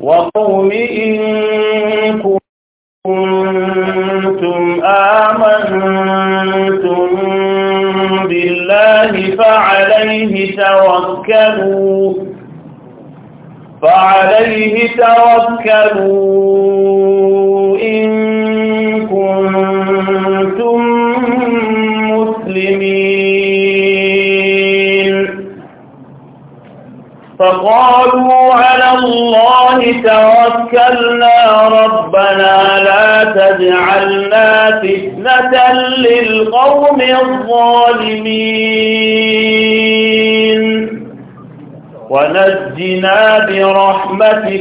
وقوم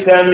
تم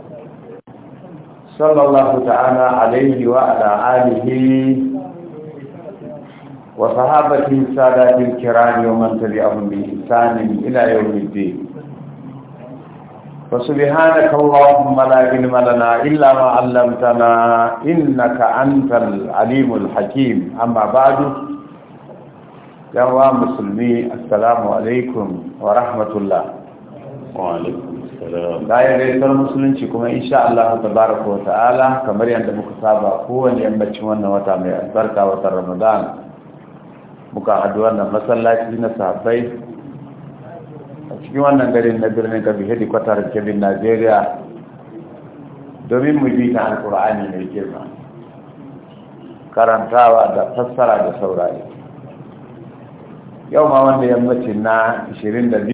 sallallahu ta'ala alaihi wa ala alihi wa sahabati sadatil kiram wa man tabi'ahum bi ihsan ila yawmiddin فسبحانك اللهم لا علم لنا إلا ما علمتنا إنك أنت العليم الحكيم أما بعد يا مسلمي السلام عليكم ورحمة الله bayan gaisar musulunci kuma insha Allah tabaraka wa ta'ala kamar yadda muka saba kowane yammacin wannan wata mai albarka wata Ramadan muka haɗu wannan masallaci na sabai a cikin wannan garin na birnin Kabi Hedi kwatar kebin Najeriya domin mu bi ta alkur'ani mai girma karantawa da fassara da saurari yau ma wanda yammacin na 25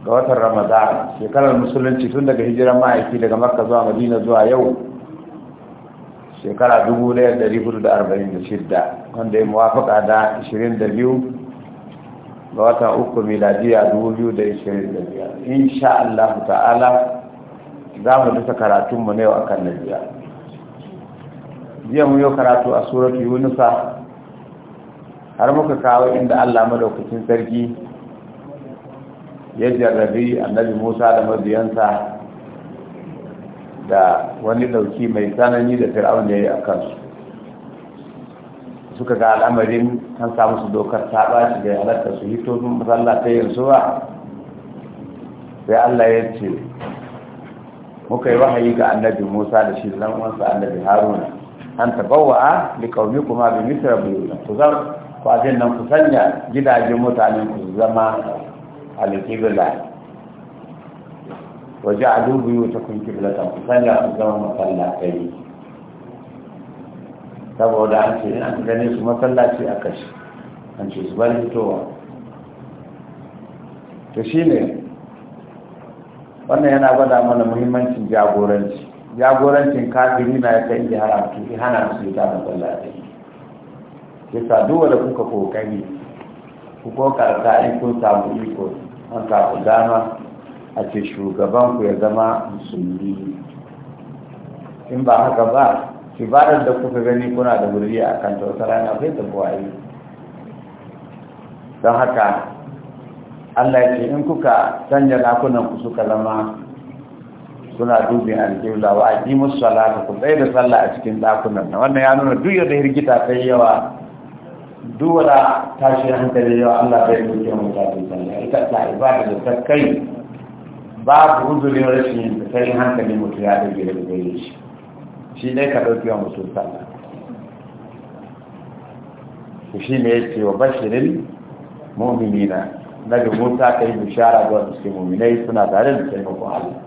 ga watan ramadan shekarar musulunci tun daga hijiran ma'aiki daga makka zuwa madina zuwa yau shekara 1446 wanda ya muwafaka da 22 ga watan uku miladiya 2025 insha Allah ta'ala za mu duka karatunmu na yau a kan nabiya jiya mu yau karatu a suratu yunusa har muka kawo inda Allah madaukakin sarki ya jarrabi annabi musa da mabiyansa da wani dauki mai tsanani da fir'aun ya yi a kansu suka ga al'amarin an samu su dokar ta shi da halatta su hito sun masalla ta yanzu ba sai allah ya ce muka yi wahayi ga annabi musa da shi zan wansa annabi haruna an tabawa a kaumi kuma bi mitra ku zan ku nan ku sanya gidajen mutanen ku zama alƙibla waje a dubu ta kun kiblatan ku sanya zama masallatai saboda an ce ina an gane su masallaci a kashi an ce su bari fitowa to shi ne wannan yana gwada mana muhimmancin jagoranci jagorancin kafiri na ya kai har ki hana su yi ta masallatai ke sa duwa da kuka kokari ku kokarta in kun samu iko an kawo dama a ce shugaban ku ya zama musulmi in ba haka ba ibadar da kuka gani kuna da wuri a kan wata rana bai da buwaye don haka allah ya ce in kuka canja lakunan ku suka zama suna dubin alƙibla wa musu salata ku tsaye da sallah a cikin lakunan wannan ya nuna duk yadda hirgita ta yawa duk tashi hankali yau Allah bai yi kyau ta ce sallah ita ta ibada da ta kai babu uzurin rashin yin ta yi hankali mutu ya dage da gari shi shi ne ka dauki wa mutum sallah ku shi ne ya ce wa bashirin mu'minina na da musa ka yi bishara ga wasu suke mu'minai suna tare da taimakon Allah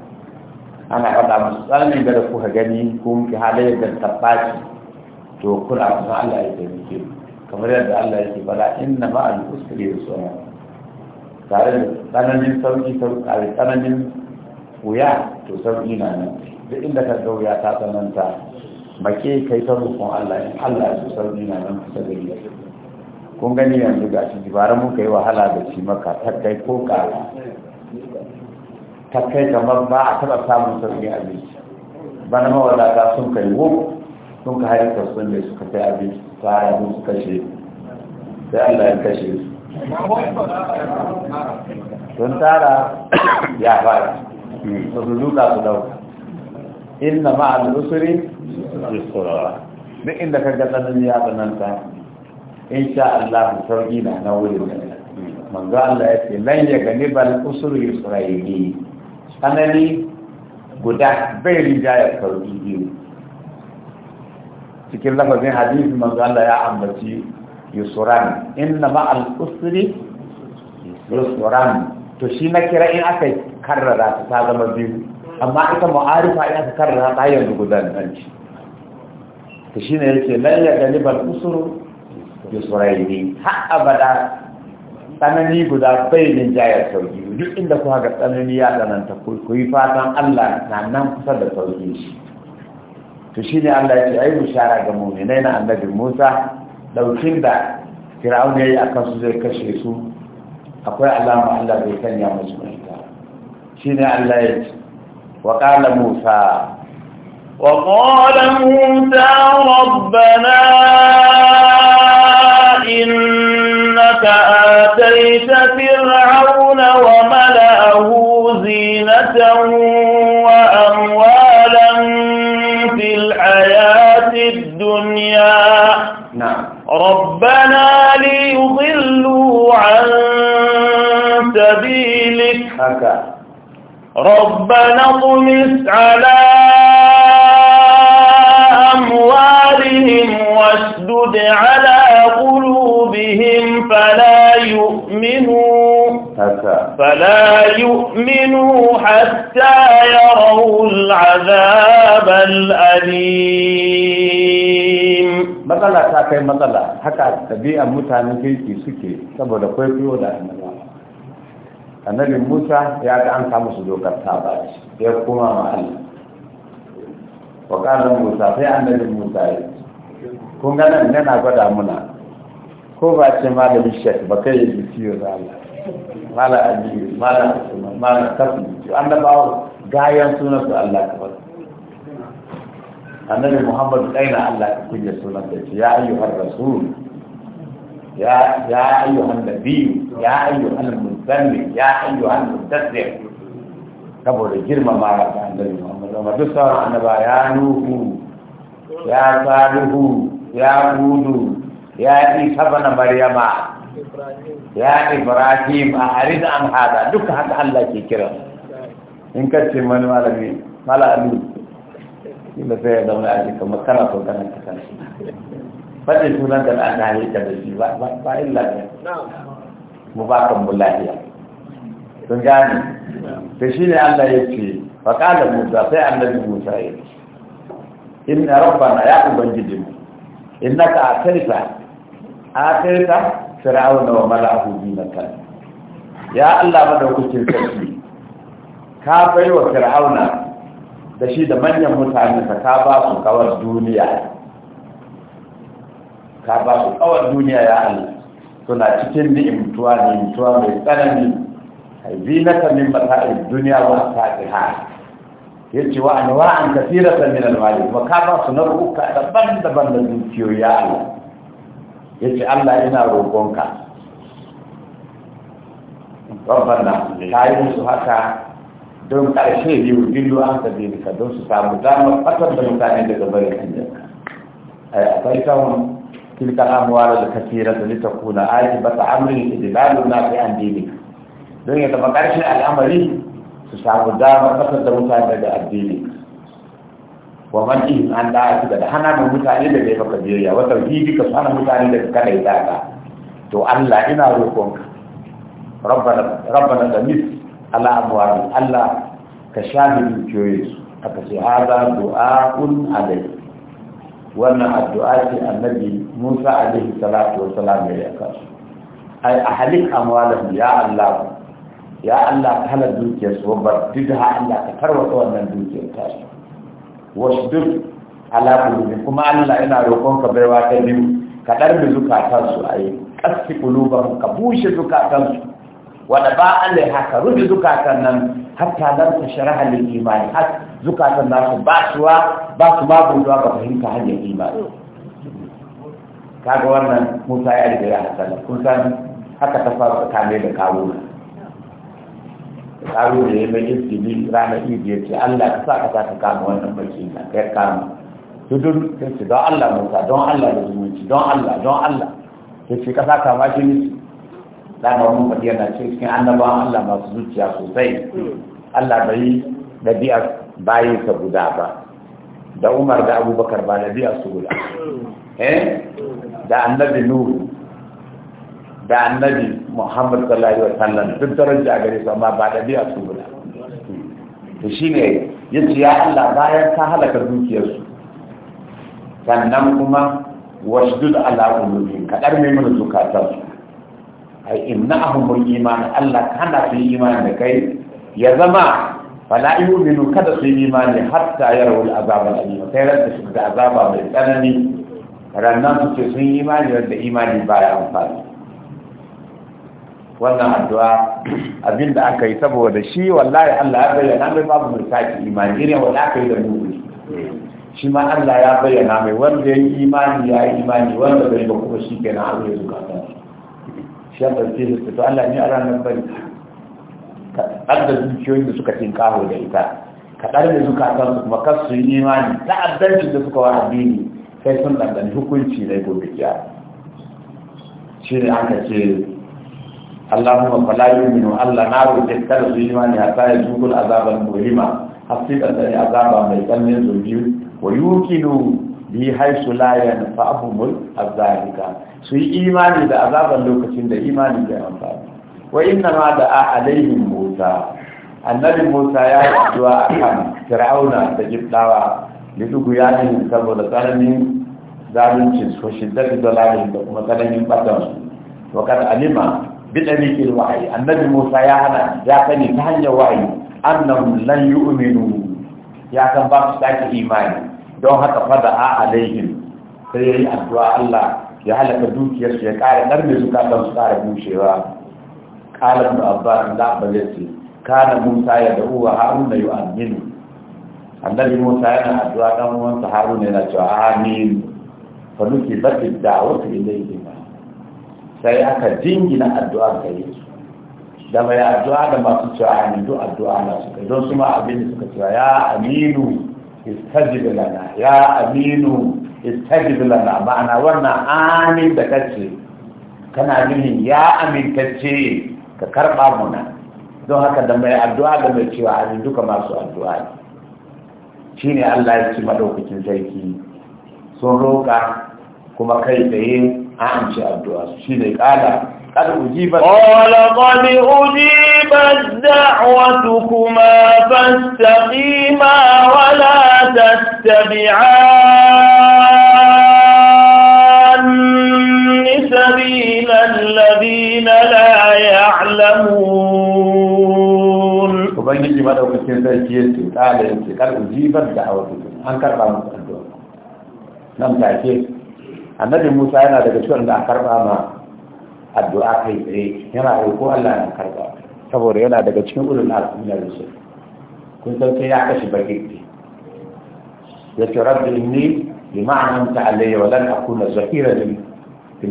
ana faɗa musu tsarin da kuka gani kun ki halayyar da tabbaci to kula kusa Allah ya taimake ku kamar yadda Allah yake fara inna ma al usri yusra tare da tsananin sauki sauki tsananin wuya to sauki na nan duk inda ka ga wuya ta tsananta make kai ta roƙon Allah in Allah ya sauki na nan kusa da ni kun gani yanzu ga shi jibaran mun yi wahala da shi maka ta kai ko ka ta kai kamar ba a taɓa samun sauƙi abinci bana mawadata sun kai wo sun ka haifar sun da suka kai abinci fara su kashe sai Allah ya kashe su don tara ya fara su duka su dauka inna ma'al usri yusra duk inda ka ga tsanani ya tsananta insha Allah sauki na na wurin manzo Allah ya ce lan ya gani bal usri yusraili tsanani guda bai rinjaya sauki biyu cikin lafazin hadisi manzo Allah ya ambaci yusran inna al usri yusran to shi na kira in aka karrara ta ta zama biyu amma ita mu'arifa in aka karrara ta yanzu shi. to shi ne yake lan ya galibal usru yusraini ha abada tsanani guda bai ne jayar sauki duk inda kuka ga tsanani ya tsananta ku yi fatan Allah na nan kusa da sauki shi to shine Allah ya ce ai bishara ga mu'minai na annabi Musa daukin da Fir'aun yayi akan su zai kashe su akwai alama Allah bai sanya musu mahita shine Allah ya ce wa qala Musa wa qala Musa rabbana innaka ataita fir'auna wa mala'ahu zinatan wa amwalan الحياة الدنيا نعم ربنا ليضلوا عن سبيلك ربنا اطمس على أموالهم واشدد على قلوبهم فلا يؤمنون haka fala yu'minu hatta yarau al'azab al'alim matsala ta kai matsala haka tabi'an mutanen kirki suke saboda kai fiyo da annaba annabi Musa ya ga an samu su dokar ta ya kuma ma Allah wa qala Musa sai annabi Musa ya kun ga nan yana gwada muna ko ba ce malamin da bishiyar ba kai da bishiyar da Allah mala aliyu mala usman mala kasu to annabawa gayan sunan su Allah ka bar annabi muhammadu kaina Allah ka kunya sunan da ya ayyuhar rasul ya ya ayyuhan nabi ya ayyuhan musalli ya ayyuhan mudaththir saboda girma girmama ga annabi muhammadu amma duk sauran annaba ya nuhu ya saduhu ya hudu ya isa bana maryama ya ibrahim a harid an hada duka haka Allah ke kira in ka ce mani malami In da sai ya zama a jika makara ko kana ta kan fadin sunan da an da halitta da shi ba illa ne mu ba kan mulahiya sun ta shi ne Allah ya ce fa qala musa sai annabi musa ya ce rabba na ya ta a kai ta fir'auna wa mala'ahu zinatan ya Allah madaukakin sarki ka bai wa fir'auna da shi da manyan mutane ka ka ba su kawar duniya ka ba su kawar duniya ya Allah suna cikin ni'imtuwa ni'imtuwa mai tsanani zinatan min mata'id duniya wa fatiha yace wa anwa'an kathiratan min al-mali wa ka ba su na ruka daban-daban da dukiyoyi ya Allah ya ce Allah ina roƙonka rabbana ka yi musu haka don ƙarshe biyu dillu an sabili ka don su samu damar fatar da mutane daga bari A ai akwai kan tilkar amuwa da kafira da lita kuna aiki ba ta da idilalu na fi an dinika don ya zama ƙarshen al'amari su samu damar fatar da mutane daga addini wa man'ihim an su da hana mu mutane da bai maka biyayya wa tauhidi ka hana mutane da kada ya da'a to Allah ina ka rabbana rabbana tamis ala amwali Allah ka shafi dukiyoyin su aka ce hada du'a'un alai wannan addu'a ce annabi Musa alaihi salatu wa salam ya yaka ai ahlik amwalahum ya Allah ya Allah ka halal dukiyar su babbar duk Allah ka tarwata wannan dukiyar ta su wasdur ala qulubi kuma Allah yana roƙon ka baiwa ta biyu ka darbe zukatan su ayi qasfi qulubahum ka bushe zukatan su wa da ba Allah haka rubi zukatan nan hatta lam tashraha lil imani har zukatan nasu ba suwa ba su ma guduwa ga fahimta hanyar imani kaga wannan Musa ya riga ya hasala kun san haka ta faru tsakanin da kawuna karu da ya mai izini ranar idi ya ce allah ka sa ka ta kama wannan baki na kai kama su ta ce don allah musa don allah da zumunci don allah don allah ta ce kasa kama shi ne dama wani faɗi yana ce cikin annabawan allah masu zuciya sosai allah bai yi ɗabi'ar bayinsa guda ba da umar da abubakar ba da biya su guda eh da annabi nuhu da annabi muhammad sallallahu alaihi wasallam duk daraja gare su amma ba ɗabi'a su ba to shine yace ya Allah bayan ka halaka dukiyarsu sannan kuma wasdud ala qulubihim kadar mai mana zukatar ai innahum bil iman Allah kana fi iman da kai ya zama fala yu'minu kada su imani hatta yarawul azab al-alim sai ran su da azaba mai tsanani rannan su ce sun imani wanda imani baya amfani wannan addu'a abinda aka yi saboda shi wallahi Allah ya bayyana mai babu mutaki imani irin wanda aka yi da mugu shi ma Allah ya bayyana mai wanda ya yi imani ya yi imani wanda bai ba kuma shi kenan abu ya zuka kan shi ya ɗauke da to Allah ne a ranar bari kaɗar da zuciyoyin da suka kawo da ita kaɗar da zuka kan su kuma kar su yi imani ta'addancin da suka wa addini sai sun ɗanɗani hukunci na gobe ya shi ne aka ce اللهم فلا يؤمن الله نار تكتر الإيمان حتى يذوق العذاب المؤلم حسيت أن العذاب من يتمن زوجين ويوكل bi haisu la yanfa'uhum azalika su yi imani da azaban lokacin da imani da amfani wa inna ma da alaihim musa annabi musa ya yi addu'a akan fir'auna da jibdawa da duk ya ne saboda tsananin zalunci su shiddat dalalin da kuma tsananin batan su wa alima بطريق الوحي النبي موسى يا انا يا كني تهني وحي أنهم لن يؤمنوا يا كان باب ستاك إيمان دون حتى فدعا عليهم سيئي أدعاء الله يا هل هلا يا يسوي قال نرمي زكاة مستار بوشيوا قال ابن عباس لا بلسي كان موسى يدعو هارون يؤمن النبي موسى أنا أدعاء دون هارون ينجو آمين فنكبت الدعوة إليهم sai aka jingina addu'a ga su da mai addu'a da masu cewa amin duk addu'a na suka don su ma abin da suka cewa ya aminu istajib lana ya aminu istajib lana ma'ana wannan amin da kace kana nihin ya kace ka karba muna don haka da mai addu'a da mai cewa amin duka masu addu'a ne shine Allah ya ci madaukakin sarki sun roƙa kuma kai tsaye أنت ci addu'a قال قد أجيبت قال قد أجيبت دعوتكما فاستقيما ولا تتبعان سبيل الذين لا يعلمون وبين ما لو كنت تجيت قال أجيبت دعوتكما أنكر ما لم تعجب annabi musa yana daga cikin da a karba ma addu'a kai tsaye yana roƙo allah na karba saboda yana daga cikin ulul azmi na rusul kun san sai ya kashi bakin ya ce rabbi inni lima anamta alayya wa lan akuna zahira lil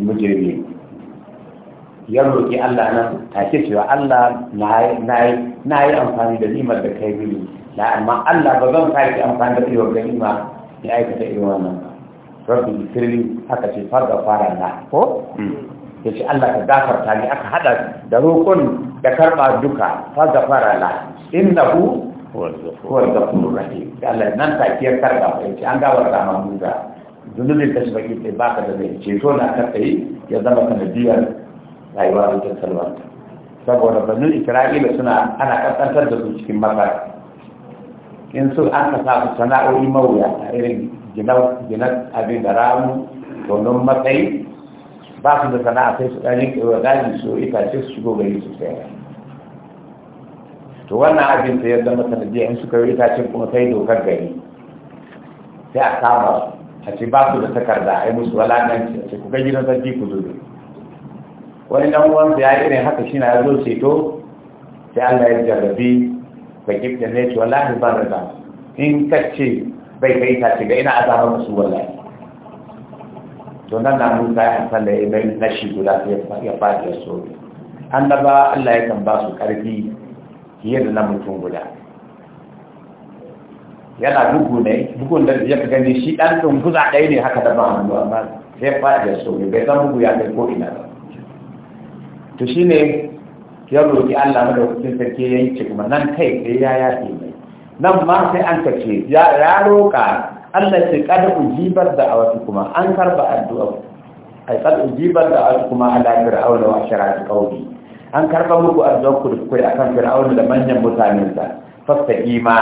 mujrimin ya roƙi Allah nan take cewa Allah na yi amfani da nimar da kai mini na amma Allah ba zan sake amfani da kai wa ganima ya aikata irin wannan ba rabbi ikirli aka ce farga fara na ko hmm. ya ce Allah ka gafarta ne aka hada da roƙon da karɓa duka farga fara na innahu huwal rahi da Allah nan ta kiya karɓa ya ce an gafarta ma musa zunubin kashi baki sai baka da zai ceto na karɓa yi ya zama biyar rayuwa wajen salwanta saboda banu isra'ila suna ana kasantar da su cikin makar in su an kasa su sana'o'i a irin gina abin da ramu domin matsayi ba su da sana'a sai su ɗan riƙe wa daji su itace su shigo gari su sayar to wannan abin ta ya zama sanadiyar in suka yi itacen kuma sai dokar gari sai a kama su a ce ba su da takarda a yi musu walakanci a ce ku kai gidan ji ku zo wani dan uwansa ya yi irin haka shi na ya zo ceto sai Allah ya jarrabi ka kifta ne ce wallahi ban rada in ka ce bai kai ta shiga ina azabar musu wallahi to nan na musa ya sallah ya bai na shi guda ya fadi ya so annaba Allah ya kan ba su karfi fiye da na mutum guda yana bugu ne bugun da ya gani shi dan guza ɗaya ne haka da ba hannu amma sai fadi ya so bai san bugu ya kai ko ina ba to shine ya roki Allah madaukakin sarki ya yi cikin nan kai sai ya yafe nan ma sai an kace ya roƙa Allah ce kada ujibar da awatu kuma an karba addu'a ai kada ujibar da awatu kuma ala fir'auna wa sharati qawli an karba muku addu'a ku da a akan fir'auna da manyan mutanen sa fasta ima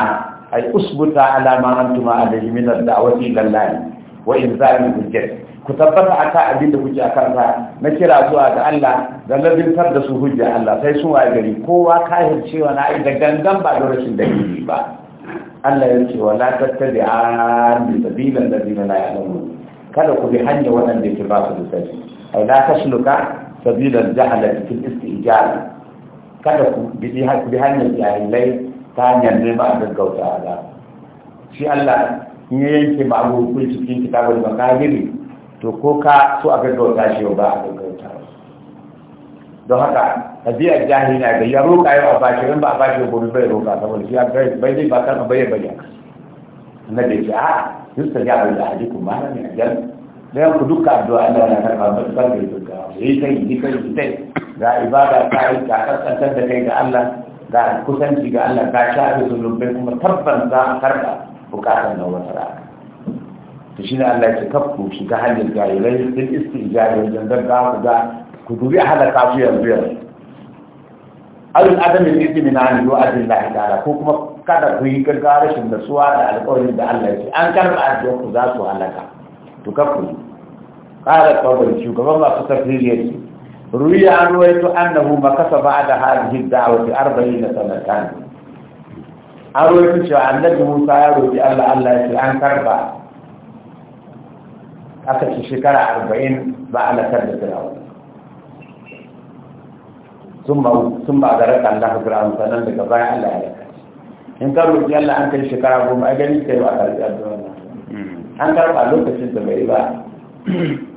ai usbuta ala ma antuma alayhi min ad-da'wati ila Allah wa inzalil hujjat ku tabbata a abinda kuke akan kansa na kira zuwa ga Allah da tar da su hujja Allah sai sun wa gari kowa kahir cewa na da gangan ba da rashin dalili ba Allah ya ce wa la tattabi'a bi sabilin ladina la ya'lamun kada ku bi hanya waɗanda ke ba su da sani ai la tashluka da jahala fil istijal kada ku bi ku bi hanyar lai ta hanyar ne ba a gaggauta ala shi Allah in ya yanke ma abu cikin kitabul makabiri to ko ka so a gaggauta shi ba a gaggauta don haka tabiya jahi na ga ya ka yau a bashi in ba a bashi gobe bai roƙa saboda shi ya bai zai ba kan bai bai na ah, da ya a yusta ya bai da hajji kuma na ne a jan da yanku duka addu'a Allah na karɓa ba su karɓe duka yi kai yi kai yi kai ga ibada ta yi ka kaskantar da kai ga Allah ga kusanci ga Allah ka shafe lumbe kuma tabban za a karɓa bukatar na wata ra'a to shi ne Allah ya ce kafku shiga hanyar jahilai sun istijabi wajen gaggawa ga كتبي حالة تعبية البيان أو الأدم اللي يتي من عنه هو أدل الله تعالى كوكما كذا كوي كالكارش من السؤال على قول إن دعال الله أن كان بعد جوك ذات وعلاك تكفل قال الطوبة الشوكة فما تتفليل يتي روي عن رويت أنه ما كسب بعد هذه الدعوة أربعين سنة كان أرويت شو عن نجم سيارو في الله الله يتي أن كربا أكتش شكرا أربعين بعد كربة الأول sun ba da raka Allah fir'aun sannan daga bayan Allah ya raka in ka roƙi Allah an kai shekara goma A gani kai ba a karɓi addu'a hmm. an karɓa lokacin da bai ba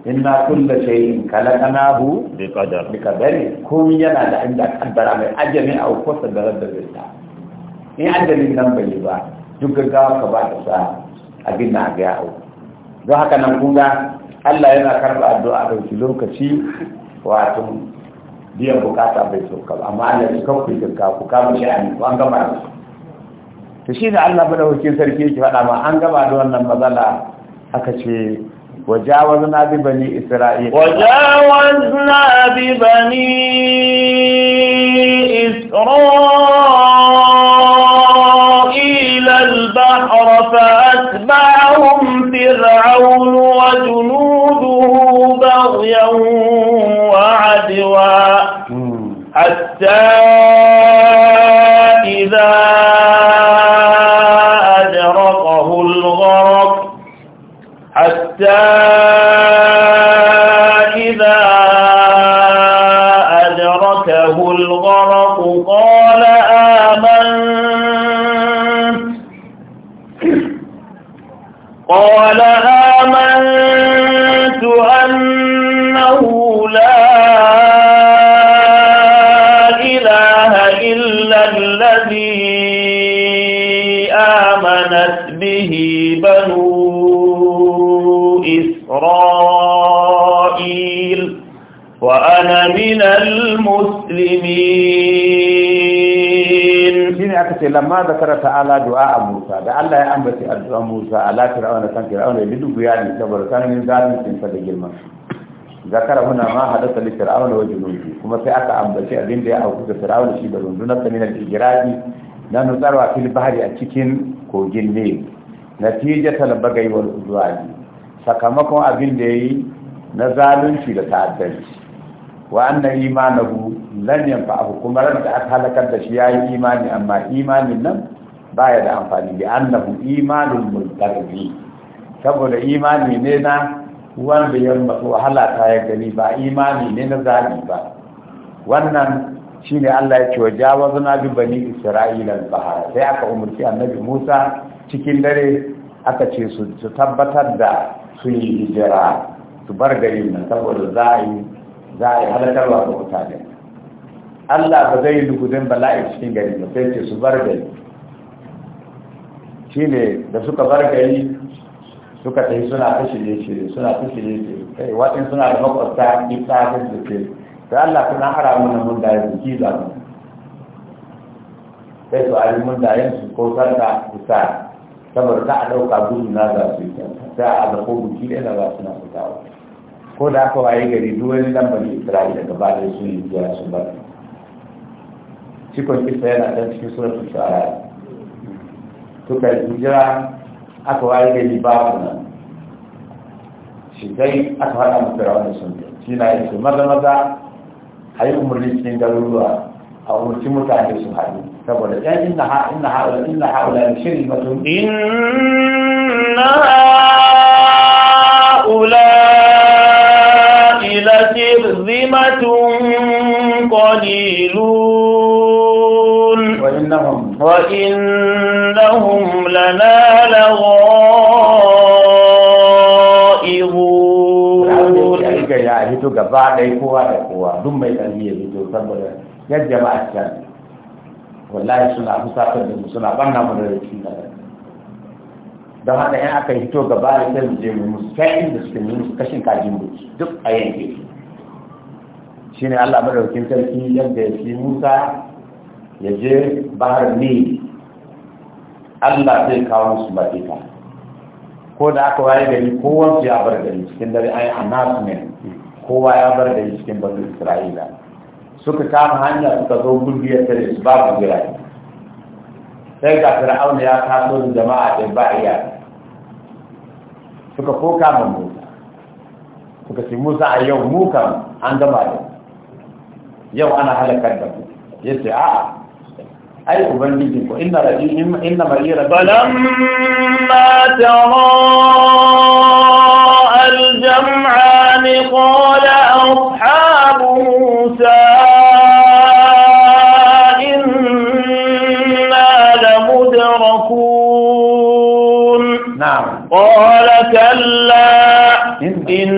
inna kulla shay'in khalaqnahu bi qadar bi qadari Kun yana da inda kaddara mai ajami a kosa da rabbul bisa in ajalin nan bai ba duk gaggawa ka ba da sa a na ga yau don haka nan kun ga Allah yana karɓa addu'a a ɗauki lokaci wato biyan bukata bai sauka ba amma Allah ya kawo kirka ku kama shi an an gaba da su to shi da Allah bada wakil sarki yake faɗa ma an gaba da wannan matsala aka ce وجاوزنا ببني إسرائيل bi bani Isra'il. ta'ala du'a Musa da Allah ya ambaci addu'a Musa ala fir'auna kan fir'auna ya dubu ya ne saboda sanin zalimin sa da girma. zakara huna ma hadatha li fir'auna wa junubi kuma sai aka ambaci abin da ya auku da fir'auna shi da rundunar sa min na nutsarwa fil a cikin kogin ne natijatal bagai wal udwani sakamakon abin da yayi na zalunci da ta'addanci wa anna imanahu lan yanfa'ahu kuma ran da aka halakar da shi yayi imani amma imanin nan baya da amfani da annahu imanul mulkarbi saboda imani ne na wanda ya wahala ta ya gani ba imani ne na zabi ba wannan shine Allah ya ce wa jawazna bi bani isra'ila bahar sai aka umurci annabi Musa cikin dare aka ce su tabbatar da su yi hijira su bar gari nan saboda za a yi za a yi halakarwa mutane Allah ba zai yi dukudin bala'i cikin gari ba sai ce su bar gari ne da suka bar gari suka ta yi suna ta shirye-shirye suna ta shirye-shirye kai waɗin suna da makwabta duk ta ta shirye da Allah suna hara mana mun da yanzu ki za mu sai su ari mun da yanzu ko sarka fita saboda ta a ɗauka gudu na za su yi ta a zafo buki ɗaya na za su na fitawa ko da aka waye gari duk wani lambar Isra'ila gaba da sun yi zuwa su bar cikon kisa yana ɗan cikin suratul shu'ara suka hijira aka waye gari babu nan shi dai aka faɗa mu firawun sun ce shi na yi maza maza a yi cikin garuruwa a umarci mutane su haɗu saboda ɗan inna ha inna ha inna ha ula shiri mutum inna وإنهم لنا لغائبون يا هيتو غبا داي كوا دا كوا دم مي قلبي يزيدو saboda yadda ba a can wallahi suna fusatar da suna banna mu da da don haka yan aka hito gaba da sai je mu da kashin kajin mu duk a yanke ne Allah madaukakin sarki yadda ya fi Musa ya je bahar ni allah zai kawo su mafita ko da aka waye gari kowa su ya bar gari cikin dare an yi announcement kowa ya bar gari cikin banu isra'ila suka kama hanya suka zo gulbiyar ta su babu birane sai ga fir'auna ya so da jama'a da ba iya suka koka ma Musa suka ce Musa a yau mu kam an gama da yau ana halakar da ku yace a'a أي أبنجي وإن رجيهم إن مريرة فلما تراء الجمعان قال أصحاب موسى إنا لمدركون نعم قال كلا إن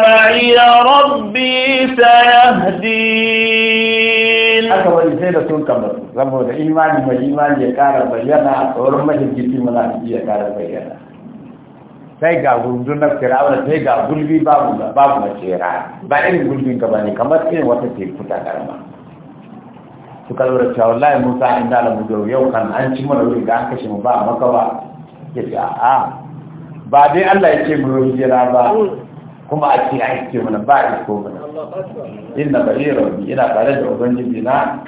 معي ربي سيهدين da sun kamar saboda imani mai imani ya kara bayyana a tsoron mahimmanci su iya kara bayyana sai ga na firawar sai ga gulbi babu babu macera ba irin gulbin ka bane kamar irin wata teku ta karama su lura cewa lai musa an da mu da yau kan an ci mana wuri ga an kashe mu ba maka ba ya ce a'a ba dai Allah ya ce mu yau hijira ba kuma a ce an ce mana ba a yi ko mana inna bari rabbi ina tare da ubangiji na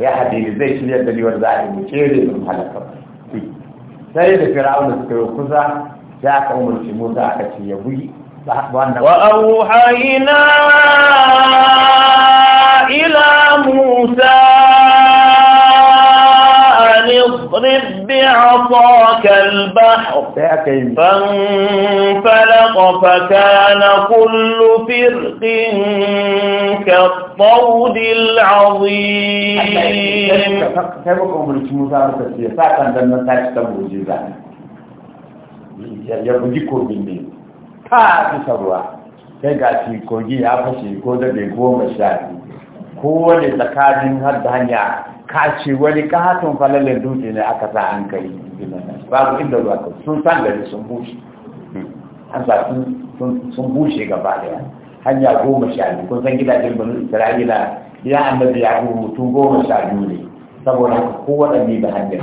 ya habibi zai shirya da liwar za a yi kere sun halaka sai da fir'auna suka yi kusa ya aka umarci musa aka ce ya buyi وأوحينا ila musa. اضرب بعصاك البحر فانفلق فكان كل فرق كالطود العظيم ya buji kogin ne ta fi sarwa sai ga shi kogi ya fashe ko da bai goma tsakanin har da hanya kace wani katon falalin dutse ne aka sa an kai babu inda zuwa ka sun san gari sun bushe an sa sun bushe gaba daya hanya goma sha biyu kun san gidajen banu isra'ila ya annabi ya mutum goma sha biyu ne saboda ko waɗanne da hanyar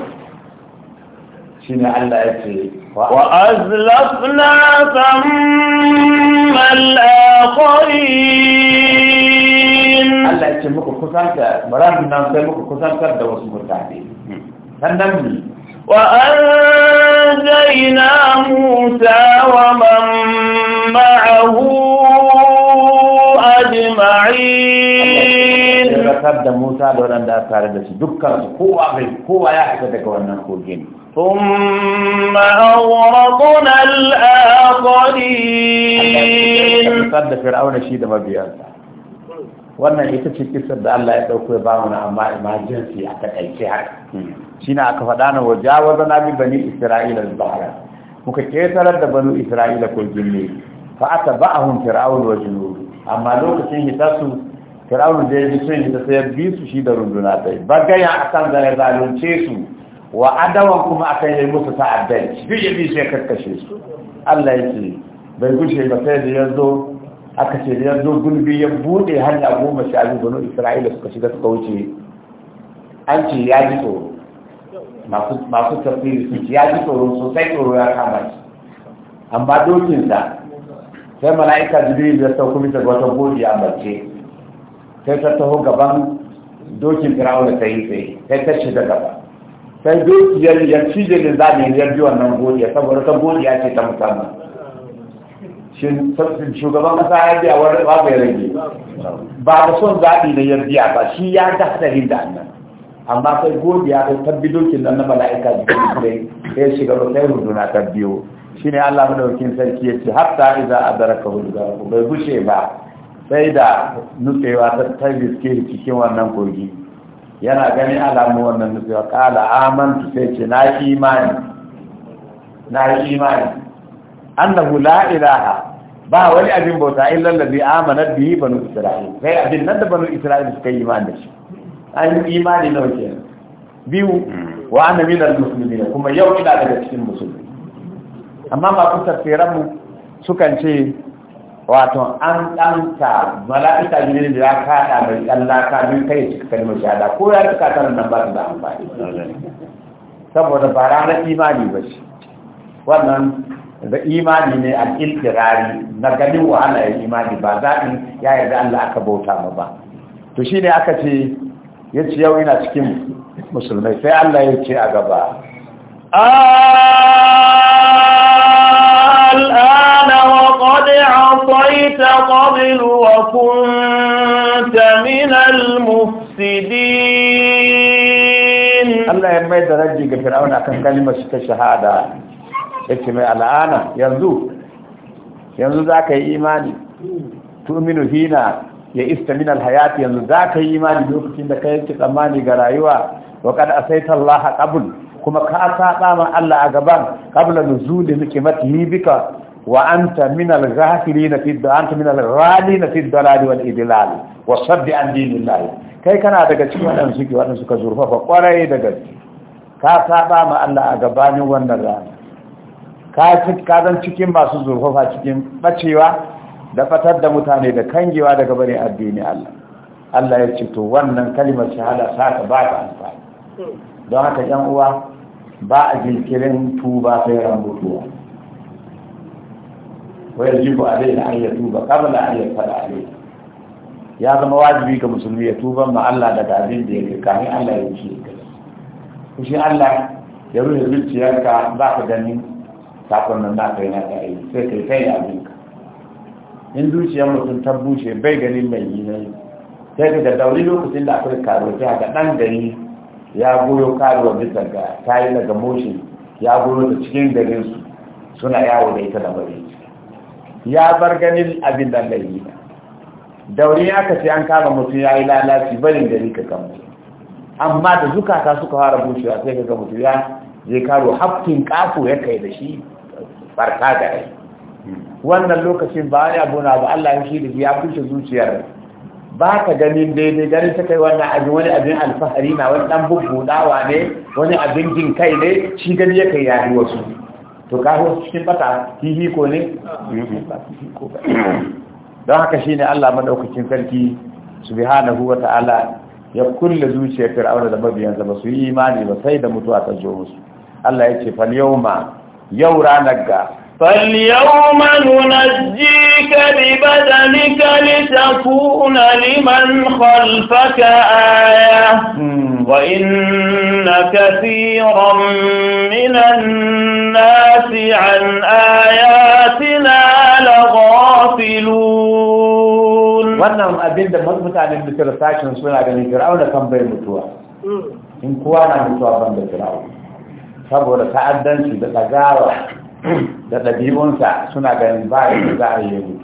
shi ne Allah ya ce wa azlafna thammal akhirin muku kusanta baran nan sai muku kusantar da wasu mutane sannan mu wa Musa wa man ma'ahu ajma'in Allah da Musa da wanda tare da shi dukkan su kowa bai kowa ya aika daga wannan kogin Sun أورطنا الآخرين قد فرعون da مبيعنا wannan ita ce kisar da Allah ya dauko ya bamu na amma emergency a takaice haka shine aka faɗa na wajawaza na bi bani isra'ila al-bahra muka ketarar da banu isra'ila ko ne fa atba'ahum fir'aun wa junud amma lokacin hitasu fir'aun da ya sun hita sai ya bi su shi da runduna ta bagaya akan da ya zalunce su wa adawan kuma akan yi musu ta'addanci bi bi sai kakkashe su Allah ya ce bai gushe ba sai da ya zo aka ce ya zo gulbi ya buɗe hanya goma sha biyu banu isra'ila suka shiga suka wuce an ce ya ji tsoro masu tafiye sun ce ya ji tsoro sosai tsoro ya kama shi amma dokinsa sai mala'ika jibril ya sauko kuma ga wata gobe a mace sai ta taho gaban dokin da ta yi tsaye sai ta shiga gaba sai dokiyar ya cije ne zaɓe ya biyo wannan godiya saboda ta godiya ce ta musamman shugaban kasa ya biya wani babu ya rage ba da son zaɓi na ya biya ba shi ya ga sanarin da annan amma sai godiya ta tabbi dokin nan na mala'ika jikin da ya shiga sai runduna ta biyo shi ne allah madaukin sarki ya ce hatta iza a daraka ku bai gushe ba sai da nutsewa ta tabbi suke cikin wannan kogi yana ganin alamu wannan nutsewa kala amantu sai ce na imani na imani annahu la ilaha ba wani abin bauta illa a amana biyu banu isra'il sai abin nan da banu isra'il suka yi imani da shi an yi imani na wajen biyu hmm. wa ana min musulmi ne kuma yau ina daga cikin musulmi amma masu tseren mu sukan ce wato an ɗanta mala'ika jirgin da ya kaɗa mai tsallaka min kai cika kan shahada ko ya cika ta nan ba su da amfani saboda ba ranar imani ba shi wannan da imani ne al iltirari na ganin wahala ya imani ba zaɓin ya yarda Allah aka bauta ma ba to shi ne aka ce ya ce yau ina cikin musulmai sai Allah ya ce a gaba الآن وقد عصيت قبل وكنت من المفسدين الله يرمي درجي فرعون عن كلمة الشهادة yace mai al'ana yanzu yanzu za ka yi imani tu'minu hina ya ista min alhayat yanzu za ka yi imani lokacin da ka yanke tsammani ga rayuwa wa qad asaita Allah qabl kuma ka saba ma Allah a gaban qabla nuzuli nikmatihi bika wa anta min alghafilin fi anta min alghalin fi dalal wal idlal wa sadd an dinillah kai kana daga cikin wadansu suke wadansu suka zurfafa kwarai da gaske ka saba ma Allah a gabanin wannan rana ka zan cikin masu zurfafa cikin bacewa da fatar da mutane da kangewa daga bane addini Allah Allah ya ce to wannan kalimar shahada ta ba ta amfani don haka yan uwa ba a jinkirin tuba sai ran mutuwa wayar jibu a dai an ya tuba kabla an ya fada ne. ya zama wajibi ga musulmi ya tuba ma Allah daga abin da ya kai Allah ya yi shi Allah ya ruhe zuciyarka za ka ganin sakon nan naka yana da aiki sai kai kai abin ka in zuciyar mutum ta bushe bai ganin mai yi ne sai ka dauri lokacin da aka karo sai ga dan gari ya goyo karuwa bisa ga ta yi daga moshin ya goyo ta cikin garin su suna yawo da ita da bari. ya bar ganin abin da laifi dauri aka ce an kama mutum ya yi lalaci barin gari ka kama amma da zukata suka fara bushewa sai ka ga mutum ya je karo haftin kafo ya kai da shi barka da rai wannan lokacin ba wani abu na Allah ya shi da ya kushe zuciyar ba ka ganin daidai ganin ta kai wannan abin wani abin alfahari na wani dan bubbudawa ne wani abin jin kai ne shi gani ya kai yari wasu to ka wasu cikin fata hihi ko ne don haka ne Allah maɗaukacin sarki subhanahu ta'ala ya kulle zuciyar fir'auna da mabiyansa ba su yi imani ba sai da mutuwa ta zo musu Allah ya ce fal yawma yau ranar ga فاليوم ننجيك ببدنك لتكون لمن خلفك آية وإن كثيرا من الناس عن آياتنا لغافلون wannan abin da mutanen da suka sashin suna ganin fir'auna kan bai mutuwa in kowa na mutuwa ban da fir'auna saboda ta'addanci da tsagawa da ɗabi'unsa suna ganin ba da za a yi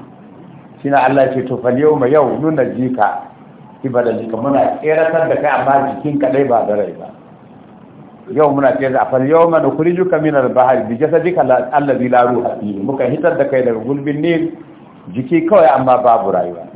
shi na Allah ce to fal yau ma yau nuna jika ibada jika muna tseratar da kai amma jikin kaɗai ba da rai ba yau muna tsere a fal yau ma juka min albahar bi jasa jasadika Allah la ruha fihi muka hitar da kai daga gulbin ne jiki kawai amma babu rayuwa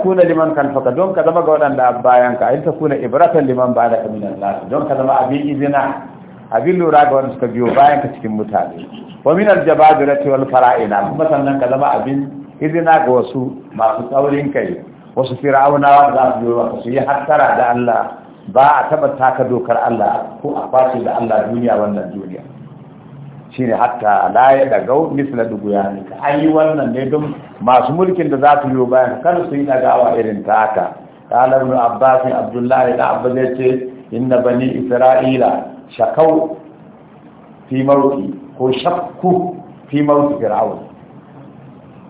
kuna liman faka don ka zama ga waɗanda bayan ka in kuna ibratan liman ba da kamilan nasu don ka zama abin izina abin lura ga wanda suka biyo bayan ka cikin mutane wa min aljabadira wal fara'ina kuma sannan ka zama abin izina ga wasu masu tsaurin kai wasu wa da za su yi su yi hattara da Allah ba a taba taka dokar Allah ko a kwace da Allah duniya wannan duniya shine hatta la ya daga misla ne? Ka yi wannan ne don masu mulkin da za su yi bayan kar su yi dagawa irin taka قال ابن عباس عبد الله بن عباس إن بني Isra'ila. shakau fi ko shakku fi mauti fir'aun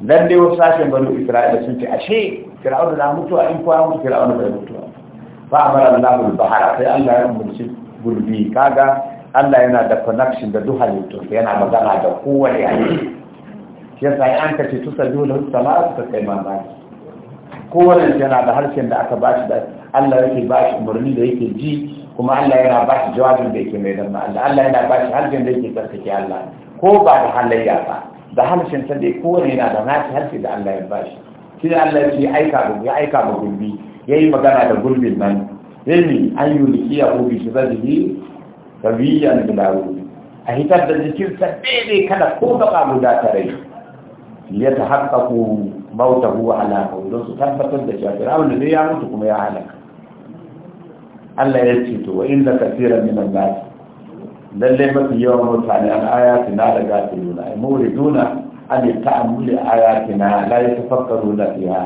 dan dai wasu sashen banu isra'ila sun ce ashe fir'aun na mutuwa in kuwa mutu fir'aun bai mutuwa a mara Allahu al-bahara sai Allah ya umarci gulbi kaga Allah yana da connection da duha halittu yana magana da kowane halittu yasa an kace tusabbihu lahu su ta kai mamaki kowane yana da harshen da aka bashi da Allah yake bashi umarni da yake ji kuma Allah yana ba shi jawabin da yake mai zama Allah Allah yana ba shi harshen da yake tsarkake Allah ko ba da halayya ba da harshen ta dai kowane yana da nashi harshe da Allah ya ba shi shi da Allah ya ce aika ya aika ma gurbi yayi magana da gurbin nan yayi an bishiyar ya ubi shi zalihi tabiyan bilawu a hitar da jikin sa daidai kada ko ba ka guda ta rai ya ta mauta mautahu ala don su tabbatar da shi a ne ya mutu kuma ya halaka Allah ya ce to in da kasira min an-nas lalle mafi yawan mutane an ayati na da gafiluna ai muriduna an ta'ammuli ayati na la na fiha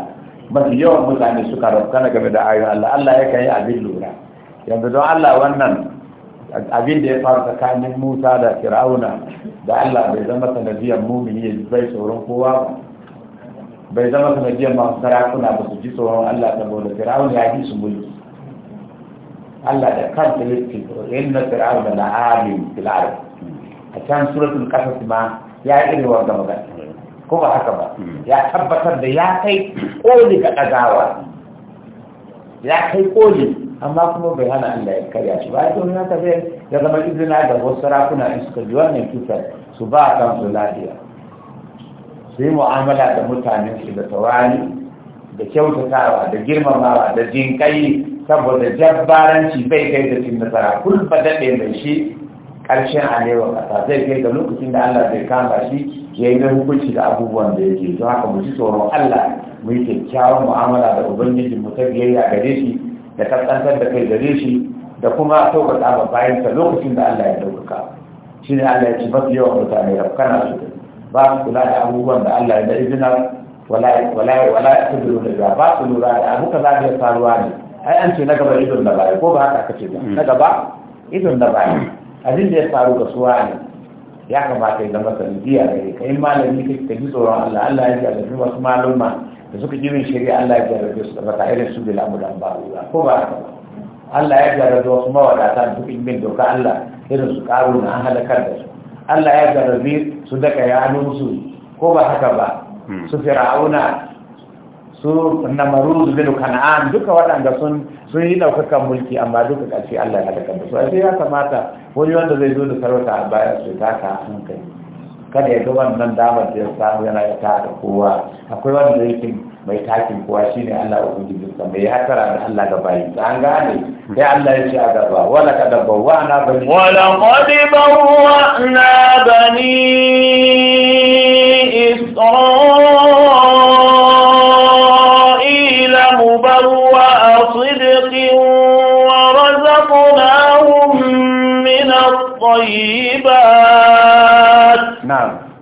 mafi yawan mutane suka rafkana game da ayoyin Allah Allah ya kai abin lura yanzu don Allah wannan abin da ya faru tsakanin Musa da Fir'auna da Allah bai zama sanadiyar mumini bai tsoron kowa ba bai zama sanadiyar masu sarakuna ba su ji tsoron Allah saboda Fir'auna ya ji su mulki Allah da kanta yake inna na la alim fil ard a can suratul qasas ma ya irin wa magana ko ba haka ba hmm. ya tabbatar da ya kai koli ga ƙazawa, ya kai koli amma kuma bai hana Allah ya karya shi ba ya tsohon haka bai ya zama izina da wasu sarakuna in suka ji wannan cutar su ba a kan su lafiya su yi mu'amala da mutanen su da tawali, da kyautatawa da girmamawa da jinkayi saboda jabbaranci bai kai da cin nasara kun daɗe mai shi ƙarshen alewa ƙasa zai kai da lokacin da Allah zai kama shi ya yi hukunci da abubuwan da yake don haka mu ci tsoron Allah mu yi kyakkyawan mu'amala da ubangiji mu ta biyayya gare shi da kaskantar da kai gare shi da kuma sauƙaƙa bayan ta lokacin da Allah ya ɗaukaka shi Allah ya ci mafi yawan mutane da rafkana su ba su kula da abubuwan da Allah ya da izina wala wala wala ya tudu da ba su lura da abu kaza da faruwa ne ai an ce na gaba idon da baya ko ba haka aka ce ba mm. na gaba idon da baya abin da ya faru ga suwa ne ya kamata ya zama sanadiyya ne kai malami kai ka ji tsoron Allah Allah ya ji alafi wasu m'aluma da suka ji min shari'a Allah ya jarabe su da mata irin su bil amr an ba ko ba haka ba Allah ya jarabe wasu mawadata da suka yi min doka Allah irin su karu na an halakar da su Allah ya jarabe su daga ya su ko ba haka ba mm. su fir'auna su namaruz bin kana'an duka waɗanda sun sun yi ɗaukakan mulki amma duka ƙarshe Allah ya halaka da su sai ya kamata wani wanda zai zo da sarauta a baya su taka hankali kada ya ga wannan damar da ya samu yana ya taka kowa akwai wanda yake mai takin kowa shine Allah ya ubangiji sa mai hatara da Allah ga bayi an gane sai Allah ya ce a gaba wala kada na bani wala qad na bani isra'il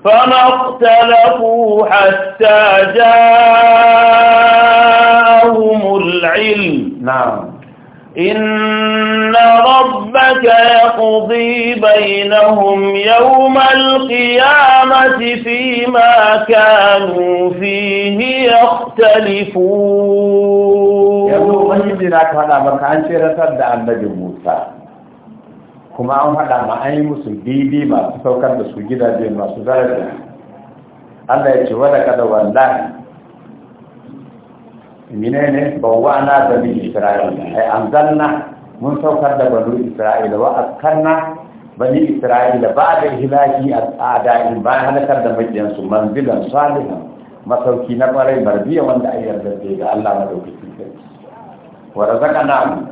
فما اختلفوا حتى جاءهم العلم نعم إن ربك يقضي بينهم يوم القيامة فيما كانوا فيه يختلفون يقول الله يجب أن تكون أمرك عن شيرة النبي kuma an haɗa ma an yi musu bibi masu saukar da su gidaje masu daraja Allah ya ce wada kada wallahi menene bawwana da bin isra'ila ai zanna mun saukar da banu isra'ila wa askanna bani isra'ila ba da hilaki a tsada ba bayan halakar da majiyansu manzilan salihan masauki na ƙwarai marbiya wanda a yarda da ga Allah madaukakin sarki wa namu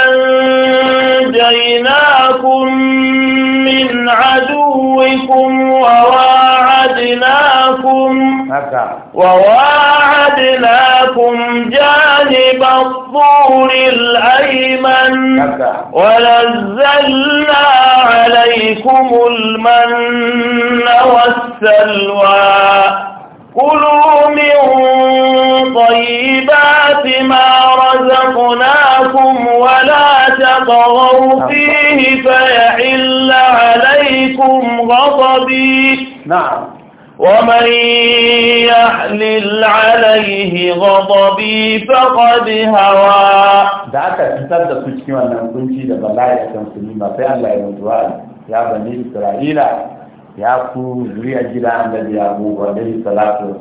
عدوكم وواعدناكم وواعدناكم جانب الطور الأيمن ونزلنا عليكم المن والسلوى كلوا من طيبات ما رزقناكم ولا تطغوا فيه فيحل عليكم غضبي نعم ومن يحلل عليه غضبي فقد هوى ذاك كتاب da su cikin wannan kunci da bala'i a kan sunni ba sai Allah ya mutuwa ya bani Isra'ila ya ku zuriya gida annabi ya bu wa dai salatu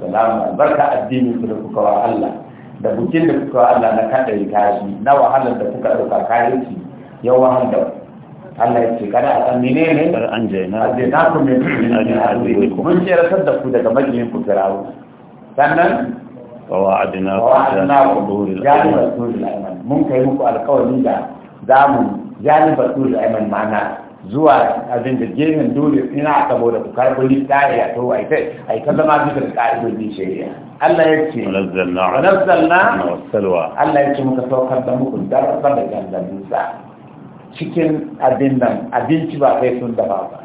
addinin su da kuka Allah da bukin da kuka Allah na kada ya tashi na wahalar da kuka ɗauka kayan ki yau wahal da Allah ya ce kada a san mene ne azaina ku min azaina mun ce rasar da ku daga majiyin ku firawo sannan wa'adna ku zuhuril ayman mun kai muku alƙawarin da zamu janibar zuhuril ayman ma'ana zuwa abin da gefen dole ina saboda ku karɓi tsari a to ai kai ai ka zama bisa da ƙa'idodin shari'a Allah ya ce nazzalna nazzalna wasalwa Allah ya ce muka saukar da muku darba da gandan cikin abin nan abinci ba sai sun dafa ba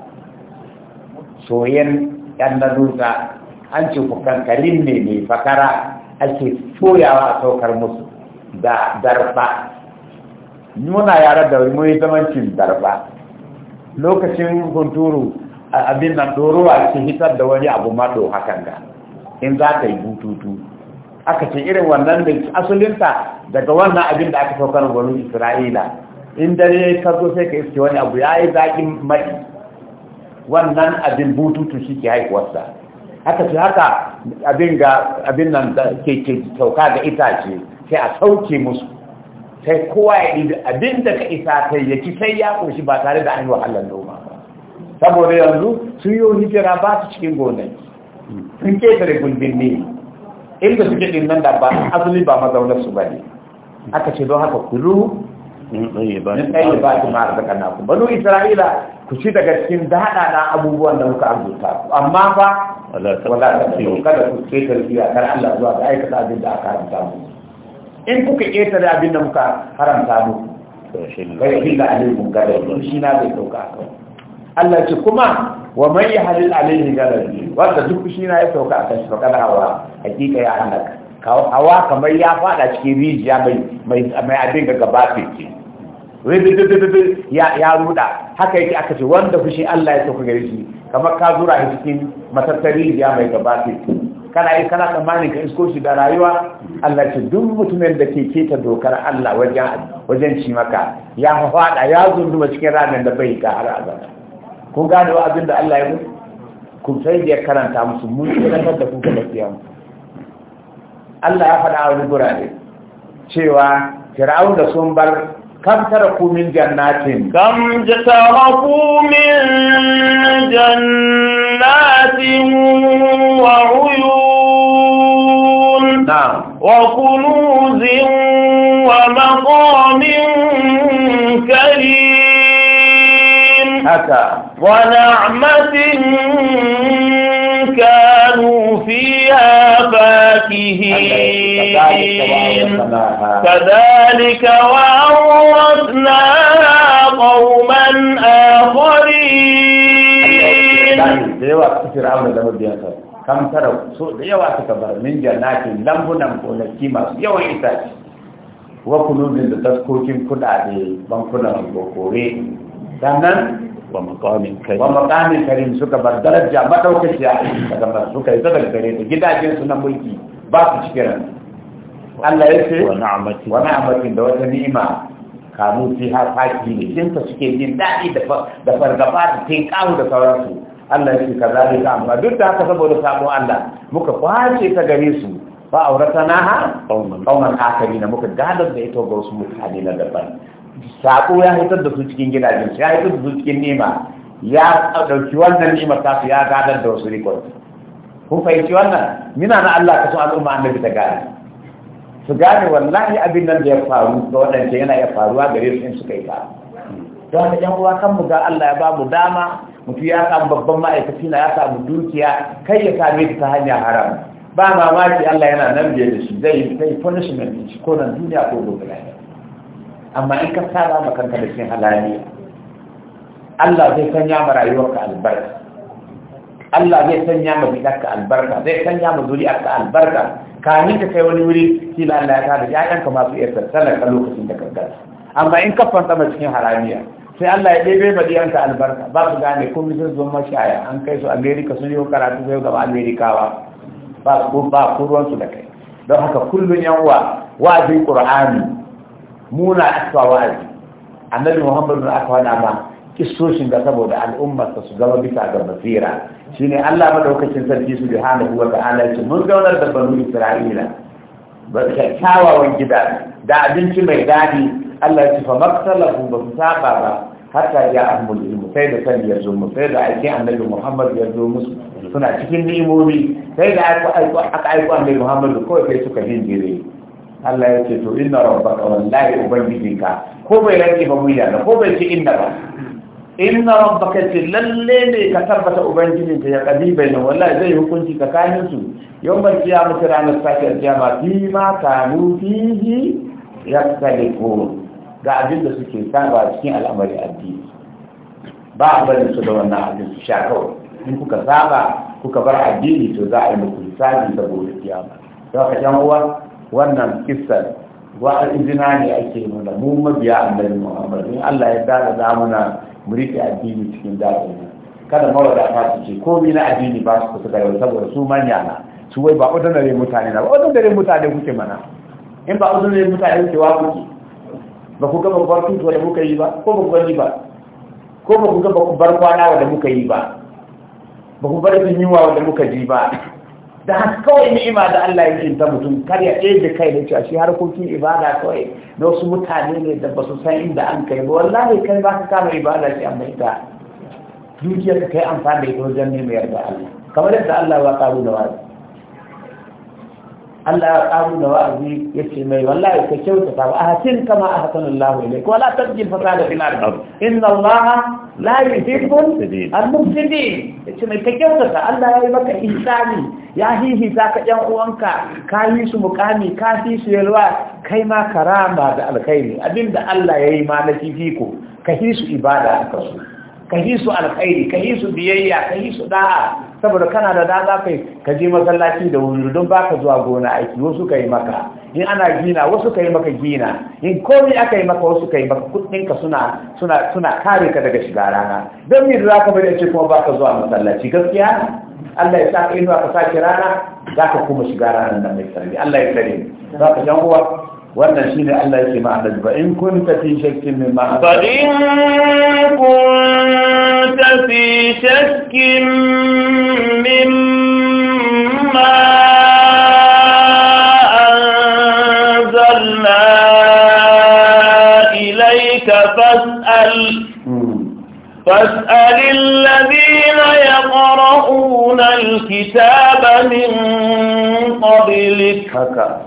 soyen yan an ce ku kankarin ne mai fakara ake soyawa a saukar musu da darba muna yara da mun yi zamancin darba lokacin hunturu abin nan ɗorowa ce hitar da wani abu maɗo hakan ga in za ta yi bututu aka ce irin wannan da asalinta daga wannan abin da aka saukar gwanin isra'ila in dare ka zo sai ka iske wani abu ya yi zaƙin maɗi wannan abin bututu shi ke haikuwarsa aka ce haka abin nan da ke sauka ga itace sai a sauke musu sai kowa ya ɗi abin da ka isa ta ya sai ya ƙunshi ba tare da an yi wahalar noma saboda yanzu sun yi hijira ba su cikin gonai. sun ketare gulbin ne inda suke ɗin nan da ba asali ba mazaunar su ba ne aka ce don haka kuru in ba su mara daga naku banu isra'ila ku ci daga cikin daɗaɗa abubuwan da muka abuta amma fa wala ta kada ku ketare biya kar Allah zuwa ga aikata abin da aka haramta musu in kuka ƙetare abin da muka haramta mu kai yi da da gadar shi na zai sauka a kan Allah ce kuma wa man yi halil alaihi gadar wanda duk shi na ya sauka a kan shi fakar hawa hakika ya halaka hawa kamar ya fada cikin rijiya mai abin ga gaba ce ya ruda haka yake aka ce wanda fushi Allah ya sauka gare shi kamar ka zura cikin matattar rijiya mai gaba ce kana yi kana tsammanin ka isko shi da rayuwa Allah ce duk mutumin da ke keta dokar Allah wajen wajen ci maka ya faɗa ya zunduma cikin ranar da bai ka har azaba kun gane wa abin da Allah ya yi kun sai da karanta musu mun tsakar da ku ga tiyan Allah ya faɗa a wani gurare cewa fir'aun da sun bar كم min jannatin. Kam jata تركوا jannatin wa وعيون وكنوز ومقام كريم أتى ونعمة كانوا فيها فاكهين كذلك وأورثناها قوما آخرين kam tara so da yawa suka bar min jannati lambunan gonaki masu yawan itace wa kunuzin da taskokin kudade bankunan gokore sannan wa maqamin karim wa maqamin karim suka bar daraja madaukakiya daga bar suka yi daga gare da gidajen su na mulki ba su nan Allah ya ce wa na'amatin wa da wata ni'ima kamun fi har faki ne kinta suke jin daɗi da fargaba da tinkahu da sauransu Allah ya ce ka zalika amma duk da haka saboda sabon Allah muka kwace ta gare su fa na ha qauman na muka gadar da ita ga wasu mutane na daban saƙo ya hitar da su cikin gidajen ya hitar da su cikin nema ya dauki wannan nema ta su ya gadar da wasu rikon kun fahimci wannan mina na Allah ka so al'umma annabi ta gane su gane wallahi abin nan da ya faru ga waɗanda yana ya faruwa gare su in suka yi ta don haka ƴan uwa kan mu ga Allah ya ba mu dama mutum ya samu babban ma'aikaci na ya samu dukiya kai ya same ta ta hanyar haram ba mamaki Allah yana nan biye da shi zai zai punishment din shi ko nan duniya ko gobe lafiya amma in ka saba ma kanka da cin halaliya Allah zai sanya ma rayuwarka albarka Allah zai sanya ma bidarka albarka zai sanya ma zuri'arka albarka kamin ka kai wani wuri shi Allah ya tada yanka masu iya tattala ka lokacin da ka gasa amma in ka fanta ma cikin haramiya sai Allah ya ɗebe badiyanka albarka ba su gane kuma sun zo mashaya an kai su Amerika sun yi karatu sai gaba Amerikawa ba su ba kurwansu da kai don haka yan uwa wa'azin Qur'ani muna aka wa'azi annabi Muhammad na aka wani ba kistoshin da saboda al'ummar su zama bisa ga basira shine Allah madaukakin sarki subhanahu wa ta'ala ce mun zaunar da banu Isra'ila ba kyawawan gida da abinci mai daɗi Allah ya ce fa maktalahu ba su saba ba hatta ya ahmul ilmu sai da sani ya zo mu sai da ake annabi Muhammad ya zo musu suna cikin ni'imomi sai da aka aiko annabi Muhammad ko sai suka hinjire Allah ya ce to inna rabbaka wallahi ubangijinka ko bai rage ba mu yana ko bai ce inna ba inna rabbaka ce lalle ne ka tabbata ubangijin ta ya kadi bainan wallahi zai hukunci tsakanin su ciya qiyamah ranar sake alkiyama fi ma kanu fihi yaktalifun ga abin da suke saba cikin al'amari addini ba a bari su da wannan abin su sha kawai in kuka saba kuka bar addini to za a yi muku hisabi saboda kiyama za ka jan uwa wannan kissa wa izina ne ake nuna mu mabiya annabi Muhammad in Allah ya dada da muna mu rike addini cikin dadin kada ta su ce komai na addini ba su kusa da saboda su manya na su wai ba dare mutane na ba dare mutane kuke mana in ba dare mutane kuke wa kuke ba ku gaba bar tutuwa da muka yi ba ko ba ku gani ba ko ba ku gaba bar kwana da muka yi ba ba ku bar jin yunwa wanda muka ji ba da haka kawai ni'ima da Allah yake ta mutum kar ya ɗaya kai ne cewa shi harkokin ibada kawai na wasu mutane ne da ba su san inda an kai ba wallahi kai ba ka kama ibada shi amma ita dukiyar ka kai amfani da ita wajen neman yarda Allah kamar yadda Allah ya karu da wani Allah ya karu da wa'azi ya ce mai wallahi ka kyautata ba. A ahsin kama ahsanallahu ilayk wala tabghi fasada fil ard inna Allah la yuhibbu al-mufsidin ya ce mai ka kyautata. Allah ya yi maka ihsani ya hihi ta ka yan uwanka ka yi su mukami ka fi su yalwa kai ma karama da alkhairi abinda Allah ya yi ma na fifiko ka hi su ibada a kasu, ka hi su alkhairi ka hi su biyayya ka hi su da'a saboda kana da dama kai ka je masallaci da wuri don baka zuwa gona aiki wasu ka yi maka in ana gina wasu ka yi maka gina in komai aka yi maka wasu ka yi maka kudin ka suna suna suna kare ka daga shiga rana don me za ka bari ce kuma baka zuwa masallaci gaskiya Allah ya sa inuwa ka sake rana za ka kuma shiga ranar nan mai tsari Allah ya tsare za ka jan uwa wannan shine Allah yake ma ba in kunta fi shakkin mimma fa in kunta أنت في شك مما أنزلنا إليك فاسأل فاسأل الذين يقرؤون الكتاب من قبلك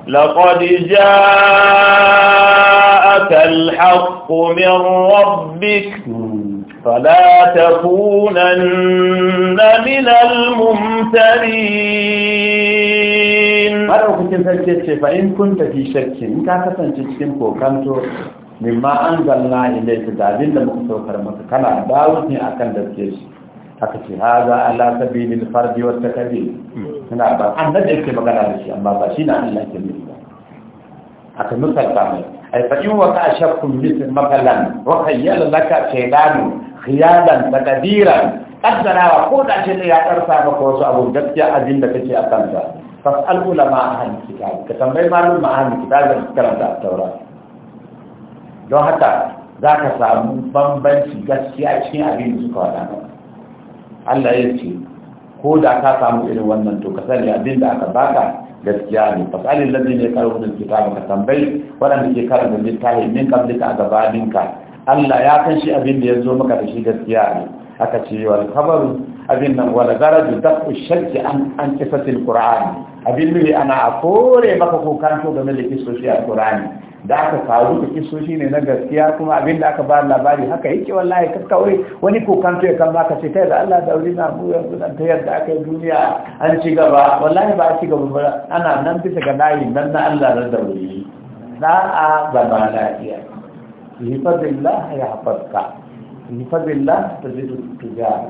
لقد جاءك الحق من ربك فلا تكونن من الممترين مرحبا sarki ce fa in kunta fi shakki in ka kasance cikin kokanto mimma an zanna ilai da abin da muka saukar maka kana dawo ne akan gaske shi aka ce haza ala sabilil fardi wa takabi kana da yake magana da shi amma ba shi na ba in shakkun kiyadan da kadiran kaddarawa ko da ce ya karsa ko wasu abu gaskiya abin da kake a kansa fas'al ulama ahli kitab ka tambayi malum ahli kitab da karanta taura don haka za ka samu bambanci gaskiya cikin abin da suka wada Allah ya ce ko da ka samu irin wannan to ka sani abin da aka baka gaskiya ne fas'alin ladin ya karo da kitab ka tambayi waɗanda ke karanta littafin, min kablika a gabaninka Allah ya san shi abin da ya zo maka da shi gaskiya ne aka ce wal khabaru abin nan wal garaju dafu shakki an an kisatil qur'an abin ne ana a kore maka ko kanto game da kisoshi a qur'ani da aka faru da kisoshi ne na gaskiya kuma abin da aka ba labari haka yake wallahi kaska wai wani ko kanto ya kan baka ce kai da Allah da wuri na mu yanzu nan ta yadda aka yi duniya an ci gaba wallahi ba a ci gaba ba ana nan bisa ga layi nan na Allah da wuri da'a zama lafiya hifazillah ya hafarka hifazillah ta zai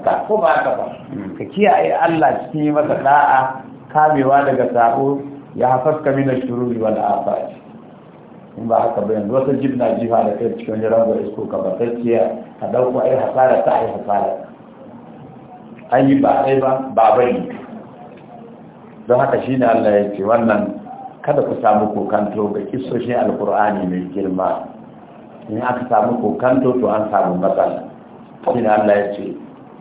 ka ko ba ka ba hmm. ka kiyaye Allah cikin yi masa da'a kamewa daga sabo ya hafarka mina ne wani afat in ba haka ba yanzu jib na jifa da kai cikin jiran gwai isko ka ba tsakiya ka dauko ai hasara ta ai hasara an yi ba ai ba ba bai don haka shi ne Allah ya ce wannan kada ku samu kokanto ga kisoshin alkur'ani mai girma in aka samu kokanto to an samu matsala shi ne Allah ya ce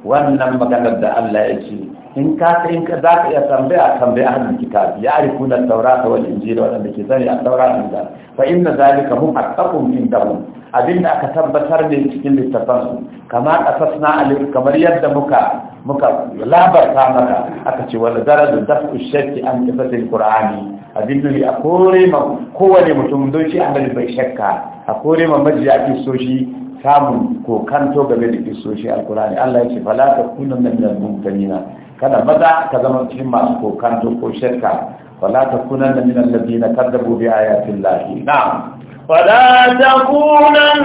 wannan maganar da Allah ya ce in ka in ka za ka iya tambaya tambaya ahlul kitab ya taura taurata wal injila waɗanda ke sani a taurata da fa inna zalika muhaqqaqun indahum abin da aka tabbatar ne cikin littafansu kama kasasna alif kamar yadda muka muka labarta maka aka ce wala da dafu shakki an tafasil qur'ani abin nuni a kore ma kowane mutum don shi annabi bai shakka a kore ma so kisoshi samun kokanto game da kisoshi alkurani Allah ya ce fala ta kunan nan da mumtanina kada maza ka zama cikin masu kokanto ko shakka fala ta kunan nan min alladina kadzabu bi ayatin lahi na'am فلا تكونن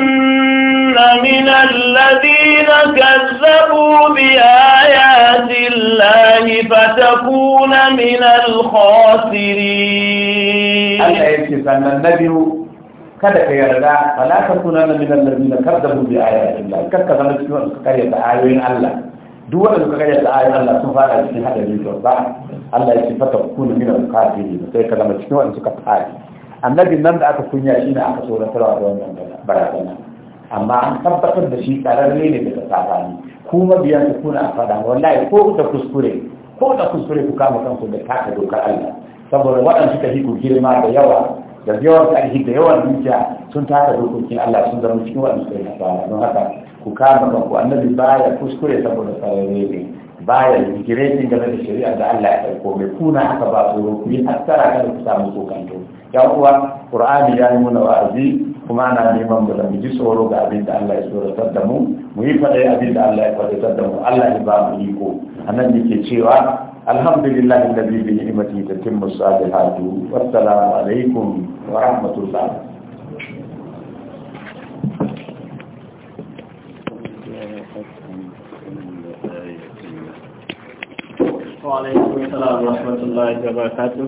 من الذين كذبوا بآيات الله فتكون من الخاسرين النبي kada ka yarda ba la ka sunan da alladhina kadzabu bi ayati Allah kar ka zama cikin wanda kare da ayoyin Allah duk wanda suka kare da ayoyin Allah sun fara cikin hadarin to ba Allah ya ce sifata kun min al-kafirin sai ka zama cikin wanda suka fara annabin nan da aka kunya shi ne aka tsoratarwa da wannan barazana amma an tabbatar da shi tsararre ne daga sabani kuma biyan su kuna a fada wallahi ko da kuskure ko da kuskure ku kama kanku da taka dokar Allah saboda waɗanda suka hiku girma da yawa da yawan tsarki da yawan dukiya sun taka dokokin Allah sun zama cikin waɗanda suka yi don haka ku kama kanku annabi baya kuskure saboda tsararre ne baya ga game da shari'a da Allah ya ɗauko mai kuna haka ba su ku yi hattara kada ku samu kokanto ya uwa qur'ani ya nuna wa'azi kuma ana neman mu da mu ji tsoro ga abin da Allah ya tsoratar da mu mu yi faɗa abin da Allah ya faɗatar da mu Allah ya ba mu iko anan yake cewa alhamdulillahi alladhi bi ni'matihi tatimmu salihatu wassalamu alaikum wa rahmatullah wa alaikum salam wa rahmatullahi wa barakatuh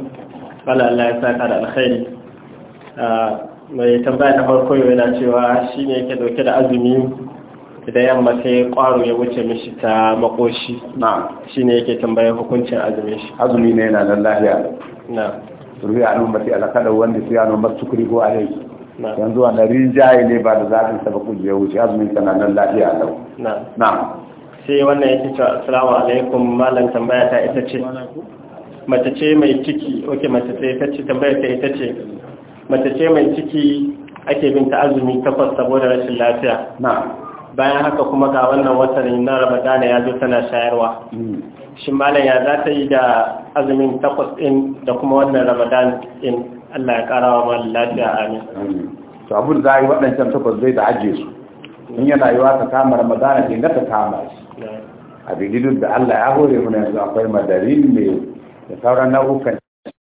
wala Allah ya saka da alkhairi ah, mai tambaya na farko yana cewa shine yake dauke da azumi idan yamma sai kwaro ya wuce mishi ta makoshi na shine yake tambayar hukuncin azumi shi azumi ne yana nan lahiya na ruhi anun mati alakada wanda sai anun matukuri ko alai yanzu wannan rinjaye ne ba da zafin sa ba kuje ya wuce azumin kana nan lahiya Na. na sai wannan yake cewa assalamu alaikum malam tambaya ta ita ce mace ce mai ciki oke mace ce ta ce tambaya ta ita ce mace ce mai ciki ake bin ta azumi takwas saboda rashin lafiya na bayan haka kuma ga wannan watan na ramadana ya zo tana shayarwa hmm. shi malam ya za ta yi da azumin takwas din da kuma wannan ramadan din Allah ya kara wa malam lafiya amin to abun da yi waɗancan takwas zai da ajiye su in yana yiwa ta kama ramadana ke na ta kama shi a da Allah ya hore muna yanzu akwai madarin mai da sauran nau'ukan